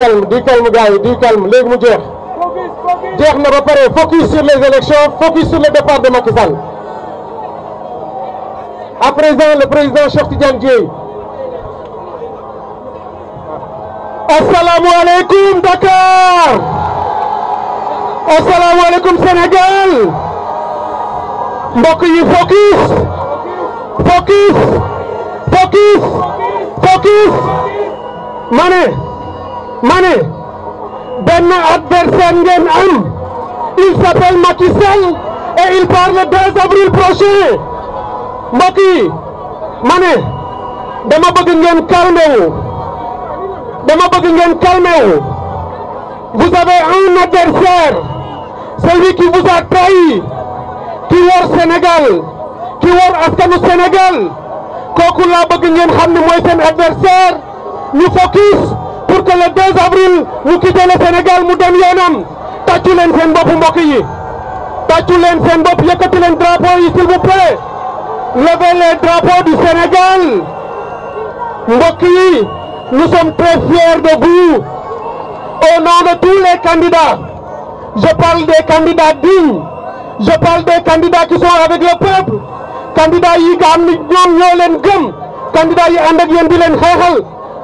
calme di calme gars yi di calme léegi mu jeex jeex na ba pare focus sur les élections focus sur le départ de Macky Sall à présent le président Cheikh Tidiane Dièye asalaamualeykum Dakar asalaamualeykum Sénégal mbokk yi focus focus focus focus ma ne mane ne benn adversaire am il s'appelle Macky Sall il part le 2 prochain mbokk yi dama bëgg ngeen calmé dama bëgg ngeen calmé wu vous avez un adversaire celui qui vous a trahi ki wor Sénégal ki wor askanu Sénégal kooku laa bëgg ngeen xam ne mooy seen adversaire ñu focus pour que le 2 avril mu quitté le Sénégal mu dem yoonam tàccu leen seen bopp yi tàccu leen seen bopp yëkkati leen drapeau yi s'il vous plaît levez du Sénégal mbokk yi nous sommes très fiers de vous au tous les candidats je parle des candidats dignes je parle des candidats qui sont avec le peuple candidats yi nga ni ñoom ñoo leen gëm candidats yi ànd ak yéen di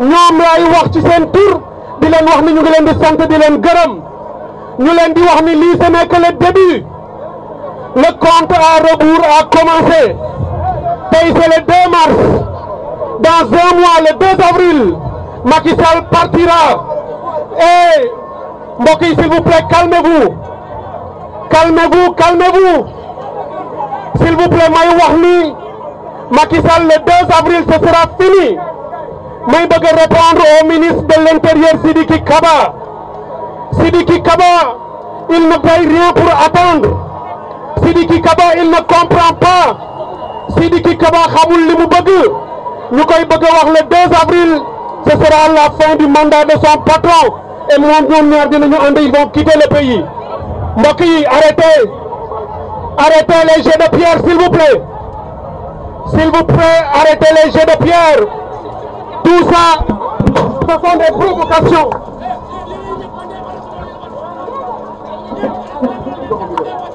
ñoom laay wax ci seen tur di wax ni ñu ngi leen di sant di leen gërëm ñu leen di wax ni lii ce n'est que le début le compte à rebours a commencé tey le mars dans un mois le avril Macky partira et eh, mbokk s'il vous plaît calmez-vous calmez-vous s'il vous plaît may wax ni Macky le avril ce sera fini may bëgg a répondre au ministre de l'intérieur Sidiki Kaba Sidiki Kaba il ne paye rien pour attendre Sidiki Kaba il ne comprend pas Sidiki Kaba xamul li mu bëgg ñu koy wax le avril ce sera la fin du mandat de son patron et moom ñoom ñaar dinañu ànd ils vont quitter le pays mbokk arrêtez arrêtez les jets de pierre s'il vous arrêtez les jets de pierre Tout ça, ce sont des provocations.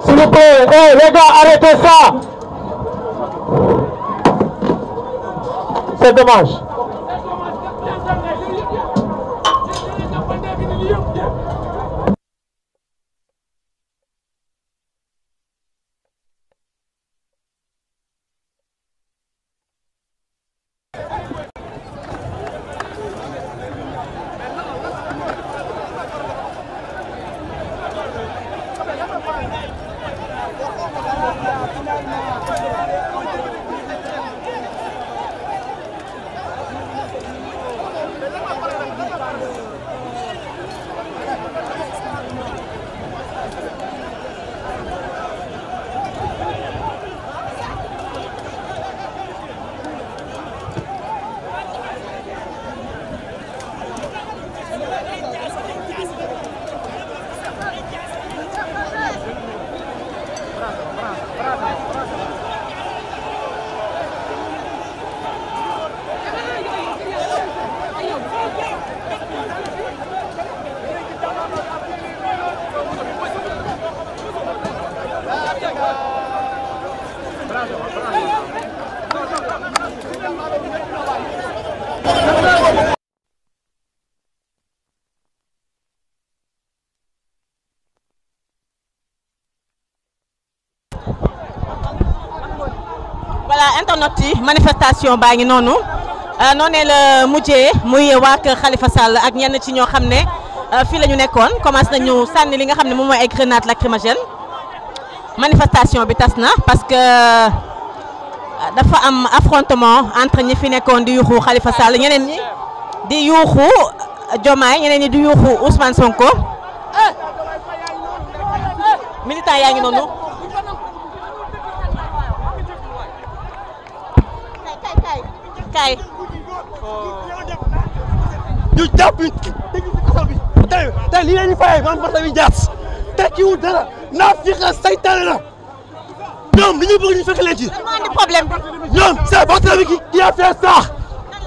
S'il vous plaît, hey, eh, les ça. C'est dommage. manifestation baa ngi noonu euh, noonee la mujjee muy waa kër Khalifa Sall ak ñenn ci ñoo xam ne euh, fii la ñu nekkoon commencé nañu sànni li nga xam ne moom mooy ay grenade lacrymogène manifestation bi tas na parce que euh, dafa am affrontement entre ñi fi nekkoon di yuuxu Khalifa Sall ñeneen ñi di yuuxu Diomaye ñeneen ñi di yuuxu Ousmane Sonko militant yaa ngi noonu. gars yi. ñu jàpp ñu tëj ñu kaso bi tey tey lii la ñuy fayee maam Barthélémy Dias tekkiwul dara naa fexe saytaane la ñoom li ñu bëgg ñu fekk leen ci. problème bi. ñoom c'est Barthélémy qui qui a fait ça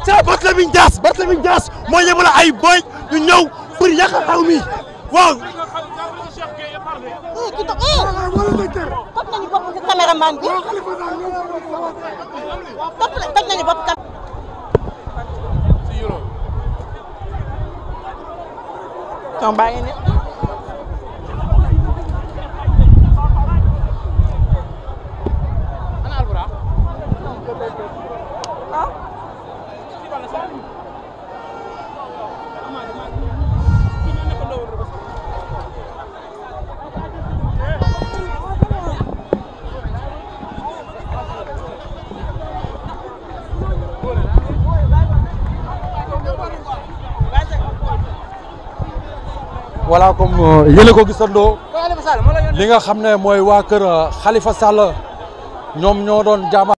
c'est Barthélémy Dias sa Dias moo yemale ay mi ñu ñëw pour yàq xaw mi waaw. Oh, oh! topp nañu bopp caméraman bi topp baa ngi nii voilà comme euh, yële ko gisandoo li nga xam ne mooy waa kër euh, Khalifa Sall ñoom ñoo doon jaama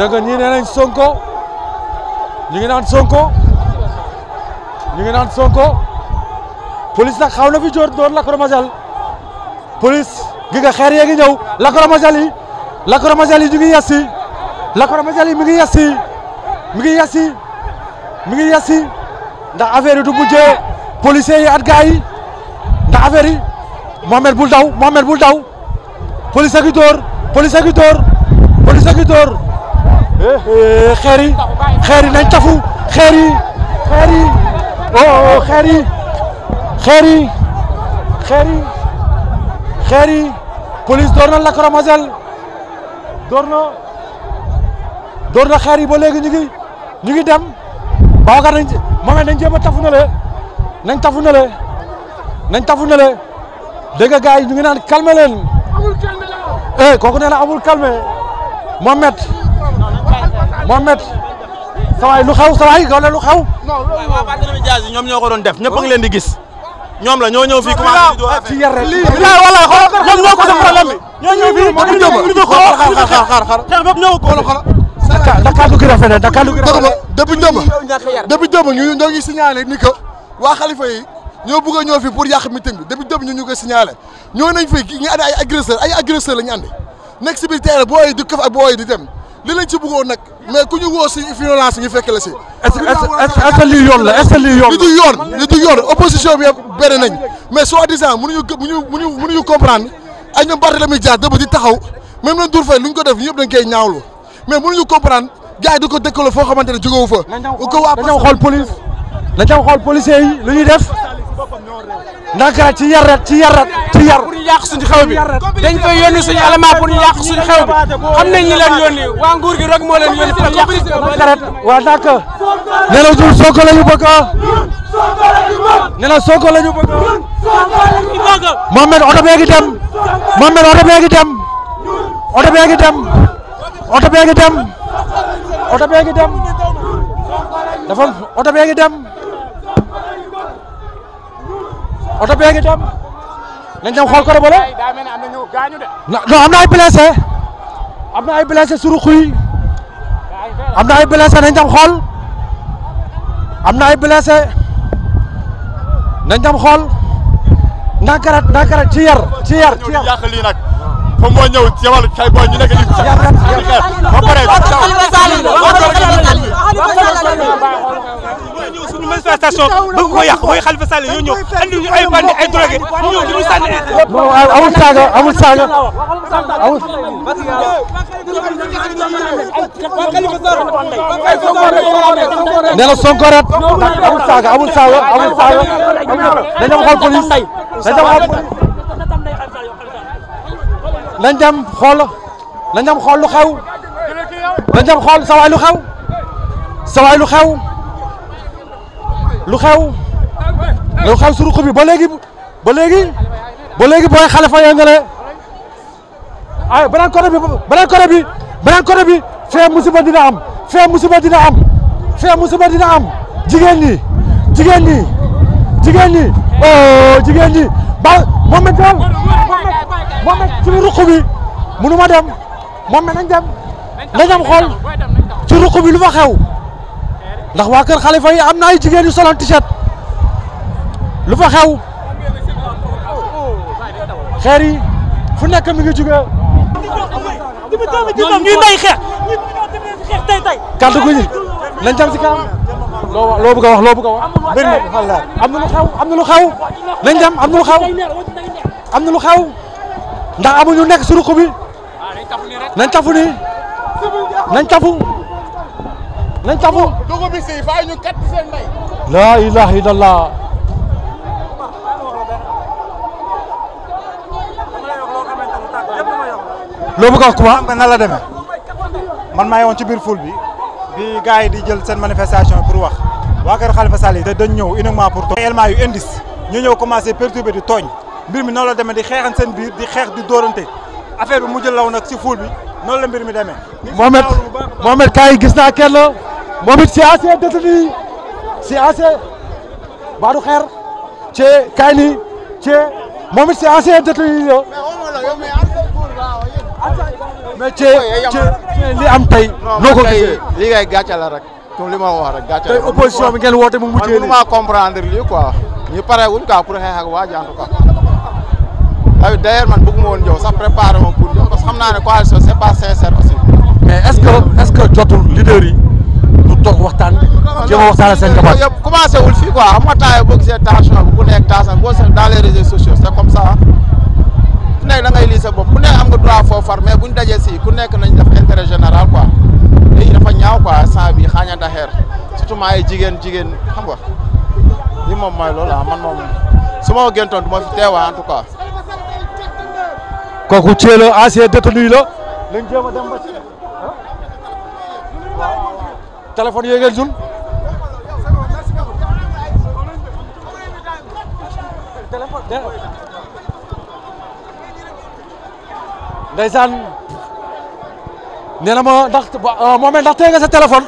dégg nga ñii nee nañ Sonko ñu ngi naan Sonko ñu ngi naan Sonko police nag xaw na fi jóor doon lacrymogène police gi nga xeer yee ngi ñëw lacrymogène yi lacrymogène yi ñu ngi yassi lacrymogène yi mi ngi yassi mi ngi yassi mi ngi yassi ndax affaire yi du mujjee policiers yi at gars yi ndax affaire yi Mohamed bul bul daw police a ngi dóor police a ngi dóor police Eh, xeer yi xeer yi nañ tafu xeer yi xeer yi oh, oh xeer yi xeer yi yi xeer yi police door na Lac Ramazel door na door na xeer yi ba léegi ñu ngi ñu ngi dem Babacar nañ moomee nañ jéem a tafu na le nañ tafu na le nañ tafu na le dégg nga gars yi ñu ngi naan calmer leen eh, kooku nee na amul calmer Mohamed Mohamed sawaay lu xaw sawaay wala lu xaw. non loolu waaw Barthélémy Dias ñoom ñoo ko doon def ñëpp a ngi leen di gis. ñoom la ñoo ñëw fii commencé di. ci yar rek lii wala xool ñoom ñoo ko def problème bi. ñoo ñëw fii ba mu jëm xaar xaar xaar xaar xaar. xeex bépp ñëw ko wala xool. Dakar Dakar du gi rafet na Dakar du gi rafet na. depuis démb depuis démb ñu ñoo ngi signalé ni que waa xalifa yi ñoo bëgg a ñëw fii pour yàq meeting bi depuis démb ñu ñu ko signalé ñoo nañ fii ñu andi ay agresseur ay agresseur la ñu andi nekk si biir terrain booy di këf ak booy di dem li lañ ci bëggoon nag mais ku ñu woo si violence ñu si. est-ce que yoon la est li yoon li du yoon opposition bi yëpp nañ mais soi-disant mënuñu mënuñu mënuñu comprendre ay ñoom Barthélémy dëbb di taxaw même na Ndour Faye lu ñu ko def ñëpp dañ koy ñaawlu mais mënuñu comprendre gars yi di ko dëkkaloo foo xamante ne jógewu fa. ko waa xool police. dañoo xool policiers yi lu ñuy def. ndànk rek ci yar rek ci yar rek ci yar pour ñu yàq suñu xew bi dañ koy yónni suñu élément pour ñu yàq suñu xew bi xam nañ ñi leen yónni waa nguur gi rek moo leen yónni pour yàq suñu xew bi ndànk rek waa ndànk nee na ñun Sonko la ñu bëgg nee na Sonko la ñu bëgg Mohamed oto bee ngi dem Mohamed oto bee ngi dem oto bee ngi dem oto bee ngi dem oto bee ngi dem dafa oto bee ngi dem oto bee ngi dem nañ dem xool ko de bële. non am na ay blessé am na ay blessé suru xuy am na ay nañ dem xool am na ay blessé nañ dem xool ndànkarat ndànkarat ci yar ci yar ci yar yàq lii nag comme moo ñëw yabal kay booy ñu nekk nii. yar yar manifestation bëgg ko yàq mooy Khalifa Sall yoo ñëw andi ñu ay bandi ay drogué ñu ñëw di ñu sànni amul saaga amul saaga amul nee na Sonko ret amul saaga amul saaga amul saaga dañ dem xool police dañ dem xool dañ dem xool dañ dem xool lu xew dañ dem xool sa waay lu xew sa waay lu xew lu xew lu xew suru xub bi ba léegi ba léegi ba léegi booy Xalifa yaa nga ne ay beneen côté bi beneen côté bi beneen côté bi fee musiba dina am fee musiba dina am am jigéen ñi jigéen ñi jigéen ñi oh jigéen ñi ba moom it daal moom it ci ruq ma dem moom it nañ dem nañ xool ci ruq lu fa xew. ndax waa kër xalifa yi am naa ay jigéen yu soloon shirt lu fa xew xeer fu nekk mi ngi jóge ñuy may xeex tey jam si kaam loo loo wax loo bëgg a wax bëri na am na lu xew am na lu xew lu xew am na ndax amuñu nekk suruq bi nañ tafu nii nañ tafu nañ tafu dugub bi si fay ñu kat seen ndey laa ilaha illallah loo bëgg kuma xam nga la demee man maa ngi woon ci biir foule bi bi gars yi di jël seen manifestation pour wax waa kër Khalifa Sall yi dañ ñëw uniquement pour tooñ éléments yu indis ñu ñëw commencé perturber di tooñ mbir mi noonu la demee di xeexan seen biir di xeex di dóorante affaire bi mu jël law nag si foule bi noonu la mbir mi demee Mohamed Mohamed gis naa kenn moom it si assez détenu si assez baadu xeer ci kayni ci moom it si assez détenu yo mais ci li am tey noo ko gisee li ngay gàcce rek comme li ma wax rek gàcce la tey opposition bi ngeen woote mu mujjee lii man mënuma comprendre lii quoi ñu pare wuñ quoi pour xeex ak waa ji en tout cas d'ailleurs man bëgguma woon ñëw sax préparé woon pour ñëw parce que xam naa ne coalition c'est pas sincère aussi mais est-ce que est-ce jotul leader yi ñëpp toog waxtaan. jéem a waxtaan seen njaboot yëpp commencé wul fii quoi xam nga taay ku nekk tension boo seet dans réseaux sociaux c'est comme ça ku nekk da ngay lii sa bopp ku nekk am nga droit foo far mais buñ dajee si ku nekk nañ def intérêt général quoi léegi dafa ñaaw quoi sang bi xaañanta xeer surtout maa jigéen jigéen xam nga moom mooy loolu ah man moom su ma gëntoon du ma fi teewa en tout cas. kooku Thieló la. lañ jéem a dem ba ci. téléphone yooyu ngeen jul ndeysaan ma ndax euh, moomee ndax sa téléphone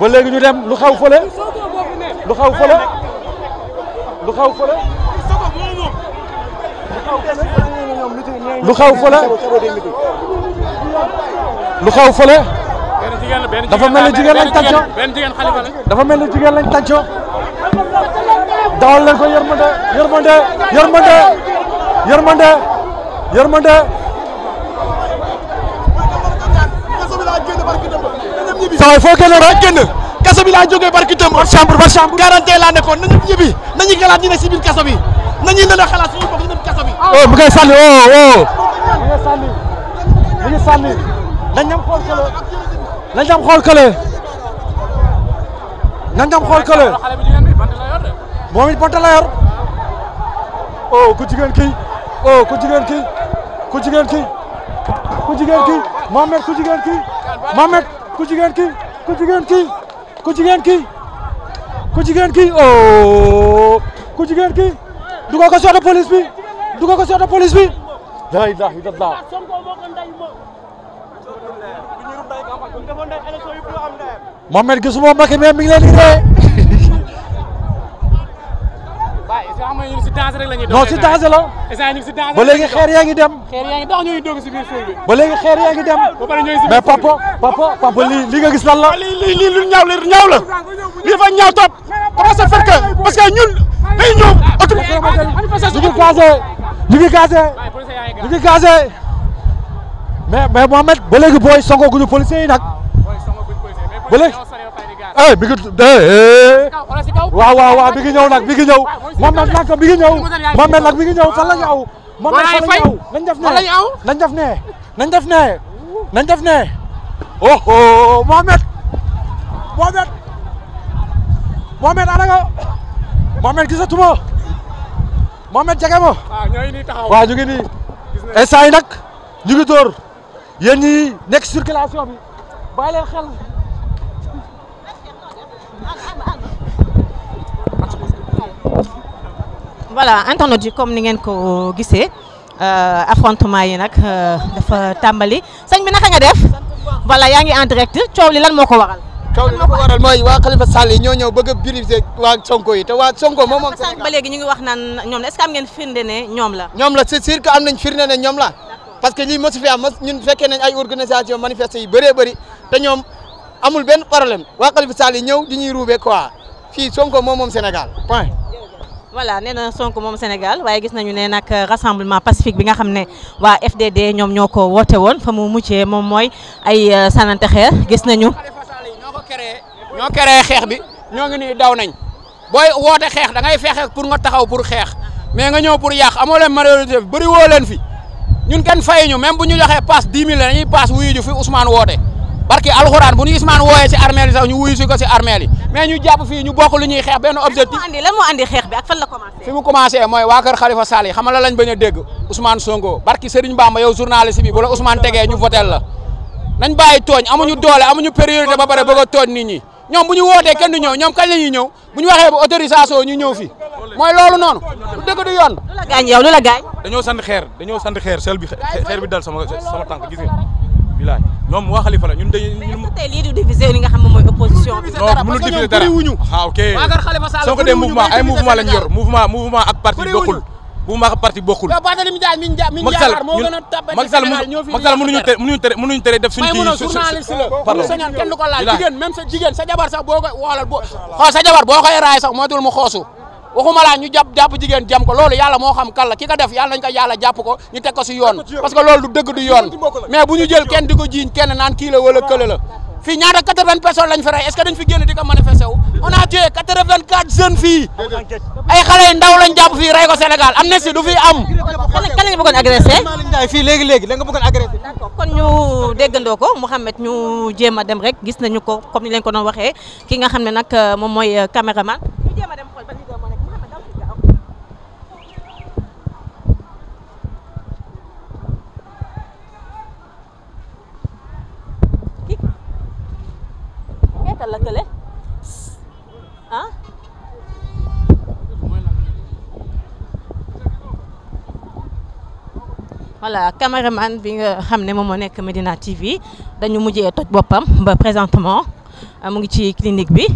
ba léegi ñu dem lu xaw fële lu xaw fële lu xew fële. dafa mel ni jigéen lañ tàncoo dafa mel ni jigéen lañ tàncoo. dawal leen ko yërmande yërmande yërmande yërmande yërmande. saa yi foo génn rek génn kaso bi laa jógee barki tëm par chambre par chambre garantie laa nekkoon nañu ñibbi nañu xalaat ñu ne si biir kaso bi nañu leen a xalaat suñu bopp ñu dem kaso bi. oh mu ngi sànni oh oh. mu ngi sànni mu nañ dem xool kële nañ dem xool kële nañ dem xool kële moom ku jigéen kii oh ku jigéen kii ku jigéen kii ku jigéen kii Mohamed ku jigéen kii Mohamed ku jigéen kii ku jigéen ku jigéen kii ku jigéen kii oh ku jigéen kii dugal ko si oto police bi dugal ko si oto police bi Mohamed gisuma Macky mais mi ngi leen di ree. non si danger la. ba léegi xeer yaa ngi dem. ba léegi xeer yaa ngi dem. mais papa papa lii li gis lan la. lii lii lu ñaaw la ñaaw la lii fa ñaaw topp parce que fekk parce a ñun day ñëw. a ngi gazee ñu ngi gazee ñu ngi gazee. mais mais Mohamed ba léegi booy songo guñu policiers yi nag. ba léegi eh bi eh, ngi eh. eh. waaw waaw waaw bi ngi ñëw nag bi ñëw Mohamed nag bi ñëw Mohamed nag bi ngi ñëw fan la ñu aw. Mohamed fan la def nee nañ def nee nañ def nee nañ def nee oh oh Mohamed Mohamed Mohamed ana nga Mohamed gisatuma ah, ñu ngi nii taxaw waaw ñu ngi yi nag ñu ngi dóor. yéen ñi nekk circulation bi bàyyi leen xel voilà internet yi comme ni ngeen ko gisee euh, affrontement yi nag euh, dafa tàmbali sëñ bi naka nga def voilà yaa ngi en direct coow li lan moo ko waral coow li ko waral mooy waa Khalifa Sall yi ñoo ñëw bëgg a briser waa Sonko yi te waa Sonko moom moom ba léegi ñu ngi wax naan ñoom la est-ce que am ngeen firnde ne ñoom la ñoom la c'est sûr que am nañ firnde ne ñoom la parce que lii mosu fi am ñun fekkee nañ ay organisation manifeste yi bëree bëri te ñoom amul benn problème waa Khalifa Sall yi ñëw di ñuy ruube quoi fii Sonko moom moom Sénégal point. voilà nee na Sonko moom Sénégal waaye gis nañu ne nag rassemblement pacifique bi nga xam ne waa FDD ñoom ñoo ko woote woon fa mu muccee moom mooy ay euh, sanante xeer gis nañu. ñoo ko créé ñoo créé xeex bi ñoo ngi nii daw nañ booy woote xeex da ngay fexe pour nga taxaw pour xeex mais nga ñëw pour yàq ñun kenn fay ñu même bu ñu joxee paas 10 000 dañuy paas wuyu fi Ousmane woote barki alxuraan bu ñu Ousmane wooyee si armeel sax ñu wuyu ko si armeel yi ñu jàpp fii ñu bokk lu ñuy xeex benn objectif. fi mu commencé mooy waa kër Khalifa Sall yi xam nga la lañ bañ a dégg Ousmane Sonko barki Serigne Bamba yow journaliste bu la Ousmane tegee ñu votel la nañ bàyyi tooñ amuñu doole amuñu priorité ba pare bëgg a tooñ ñi ñoom bu ñu wootee kenn du ñëw ñoom kañ la ñuy ñëw bu ñu waxee bu autorisation ñu ñëw fii mooy loolu noonu bu dëgg du yoon. lu la gaañ lu la gaañ. dañoo sant xeer dañoo sant xeer sel bi xeer bi dal sama sama tànk gis nga bilaay ñoom waa la ñun dañuy. mais est-ce que tey lii du diviser ah, ay mouvement lañ yor mouvement ak parti bokkul bu ma parti bokkul. waaw Barthélémy Dias mi ñu jaakaar moo gën a tabbat Macky Sall Macky Sall mënuñu tere mënuñu tere mënuñu tere def suñu kii journaliste la bu sañoon kenn du ko laal jigéen même sa jigéen sa ko xoolal boo xool sa jabar boo mu xoosu waxuma laa ñu jàpp jàpp jigéen jam ko loolu yàlla moo xam kan la def yàlla nañ ko yàlla jàpp ko ñu teg yoon parce que loolu du dëgg du yoon mais bu ñu jël kenn di ko jiiñ naan kii la wala fii ñaata quatre-vingts personnes lañ fi rey est-ce que dañ fi génn di ko manifesté wu a quatre-vingt-quatre jeunes fii ay xale yu ndaw lañ jàpp fii rey ko Sénégal amnistie du fi am. kan la ñu bëggoon agressé. kon ñu déggandoo ko Mouhamed ñu jéem a dem rek gis nañu ko comme ni leen ko doon waxee ki nga xam ne nag moom mooy euh, caméraman a dem. naka la kële ah bi nga xam ne moom moo nekk Medina TV dañu mujje toj boppam ba présentement mu ngi ci clinique bi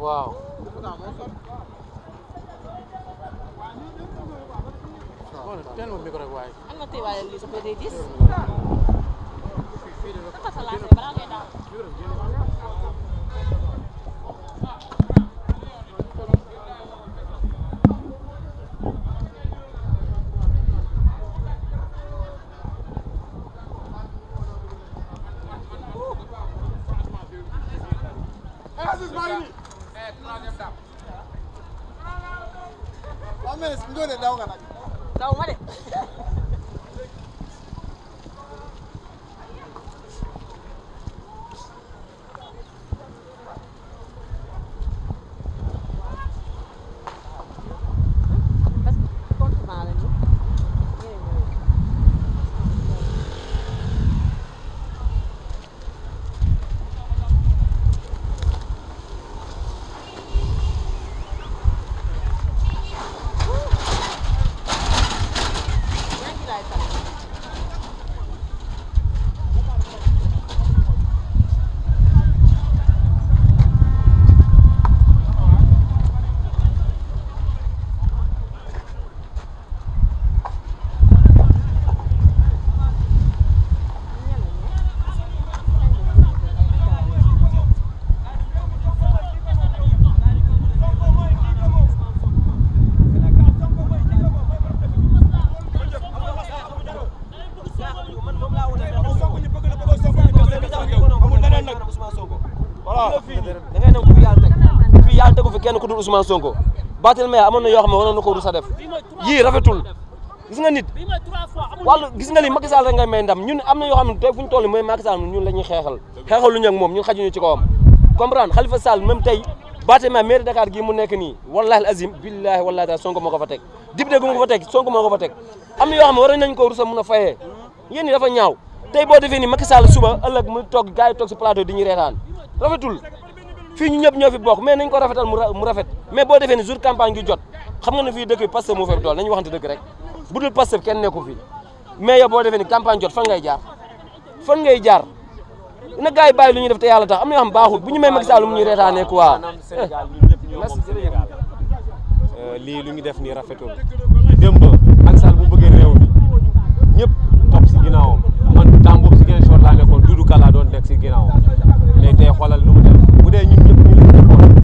waaw waaw teel ma micro rek waaye am na tey waaye lii sa ko day gis rafetul Ousmane Sonko baatil mais amoon na yoo xam na ko rus a def yii rafetul gis nga nit wàllu gis nga li Macky Sall rek ngay ndam ñun am na yoo xam tey fu ñu toll mooy Macky Sall ñun la ñuy xeexal lu ñu moom ñun xajuñu ci kawam comprendre Khalifa Sall même tey bâtiment mairie Dakar gii mu nekk nii wallahi azim billahi wallahi taala Sonko moo ko fa teg député gu mu ko fa teg Sonko moo ko fa teg am na yoo xam ne waroon ko rusa mun a fayee yéen fii ñu ñëpp ñoo fi bokk mais nañ ko rafetal mu rafet mais boo defee ni jour campagne gi jot xam nga ne fii dëkk bi Pastef moo fi dool nañu waxante dëgg rek bu dul campagne jot fan ngay jaar fan ngay jaar na gars yi bàyyi lu ñuy def te yàlla tax am na yoo bu ñu may Macky Sall mu ñuy reetaane euh, lii lu ñu def nii rafetul démb ñëpp topp si ginnaawam man temps boobu si gën short laa nekkoon Doudou Ka laa doon nekk si ginnaawam mais tey xoolal lu mu bu dee ñun ñëpp ñu